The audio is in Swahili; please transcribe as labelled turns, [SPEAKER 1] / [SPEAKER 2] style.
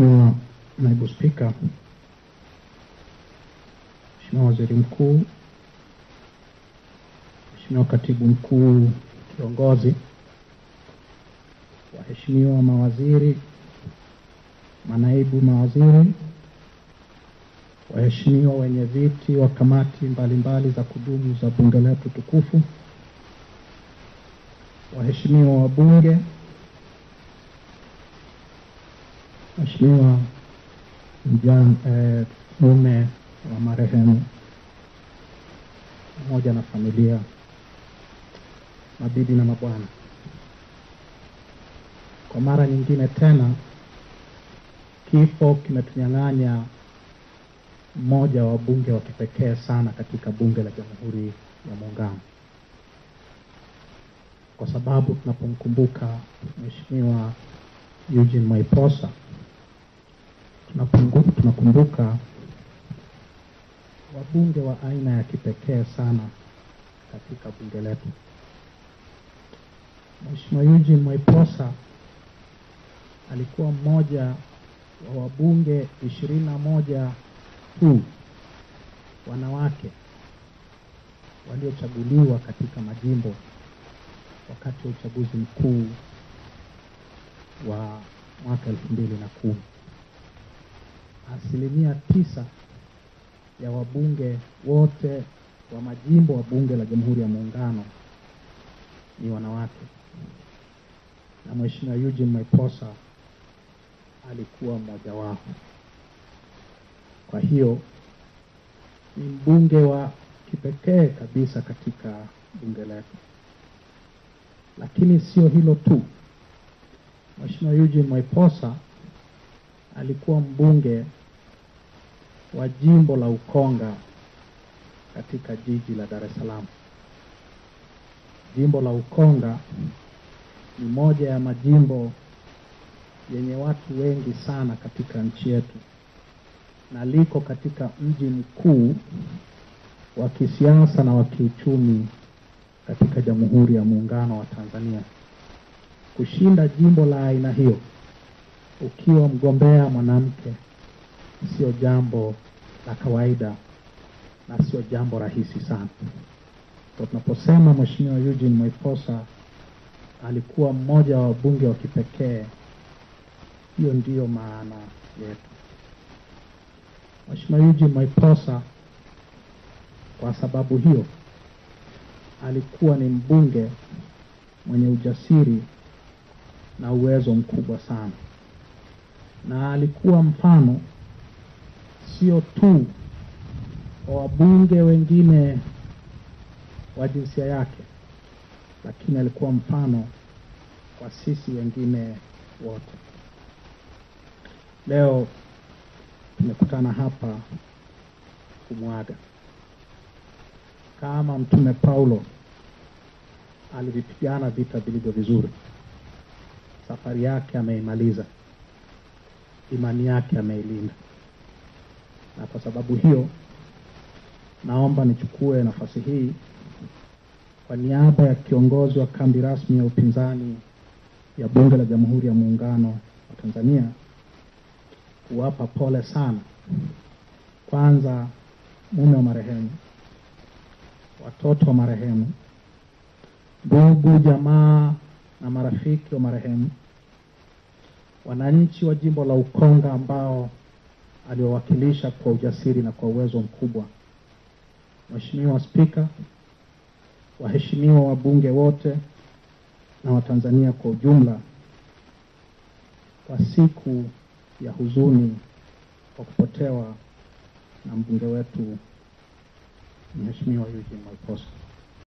[SPEAKER 1] Mheshimiwa Naibu Spika, Mheshimiwa Waziri Mkuu, Mheshimiwa Katibu Mkuu Kiongozi, waheshimiwa mawaziri, manaibu mawaziri, waheshimiwa wenye viti wa kamati mbalimbali za kudumu za bunge letu tukufu, waheshimiwa wabunge Mheshimiwa eh, mume wa marehemu pamoja na familia, mabibi na mabwana, kwa mara nyingine tena kifo kimetunyang'anya mmoja wa bunge wa kipekee sana katika Bunge la Jamhuri ya Muungano, kwa sababu tunapomkumbuka Mheshimiwa Eugene Mwaiposa tunakumbuka wabunge wa aina ya kipekee sana katika bunge letu. Mheshimiwa Eugene Mwaiposa alikuwa mmoja wa wabunge ishirini na moja tu wanawake waliochaguliwa katika majimbo wakati wa uchaguzi mkuu wa mwaka elfu mbili na kumi asilimia tisa ya wabunge wote wa majimbo wa bunge la Jamhuri ya Muungano ni wanawake, na Mheshimiwa Eugene Mweposa alikuwa mmoja wao. Kwa hiyo ni mbunge wa kipekee kabisa katika bunge letu. Lakini sio hilo tu, Mheshimiwa Eugene Mweposa alikuwa mbunge wa jimbo la Ukonga katika jiji la Dar es Salaam. Jimbo la Ukonga ni moja ya majimbo yenye watu wengi sana katika nchi yetu na liko katika mji mkuu wa kisiasa na wa kiuchumi katika Jamhuri ya Muungano wa Tanzania. Kushinda jimbo la aina hiyo ukiwa mgombea mwanamke sio jambo la kawaida na sio jambo rahisi sana. Kwa tunaposema Mheshimiwa Eugene Mwiposa alikuwa mmoja wa wabunge wa kipekee, hiyo ndiyo maana yetu. Mheshimiwa Eugene Mwiposa kwa sababu hiyo alikuwa ni mbunge mwenye ujasiri na uwezo mkubwa sana, na alikuwa mfano sio tu wabunge wengine wa jinsia yake, lakini alikuwa mfano kwa sisi wengine wote. Leo tumekutana hapa kumwaga kama Mtume Paulo alivipigana vita vilivyo vizuri, safari yake ameimaliza, imani yake ameilinda na kwa sababu hiyo naomba nichukue nafasi hii kwa niaba ya kiongozi wa kambi rasmi ya upinzani ya Bunge la Jamhuri ya Muungano wa Tanzania kuwapa pole sana kwanza mume wa marehemu, watoto wa marehemu, ndugu, jamaa na marafiki wa marehemu, wananchi wa jimbo la Ukonga ambao aliowakilisha kwa ujasiri na kwa uwezo mkubwa. Mheshimiwa Spika, waheshimiwa wabunge wote na Watanzania kwa ujumla, kwa siku ya huzuni kwa kupotewa na mbunge wetu Mheshimiwa Eugene Mwaiphosa.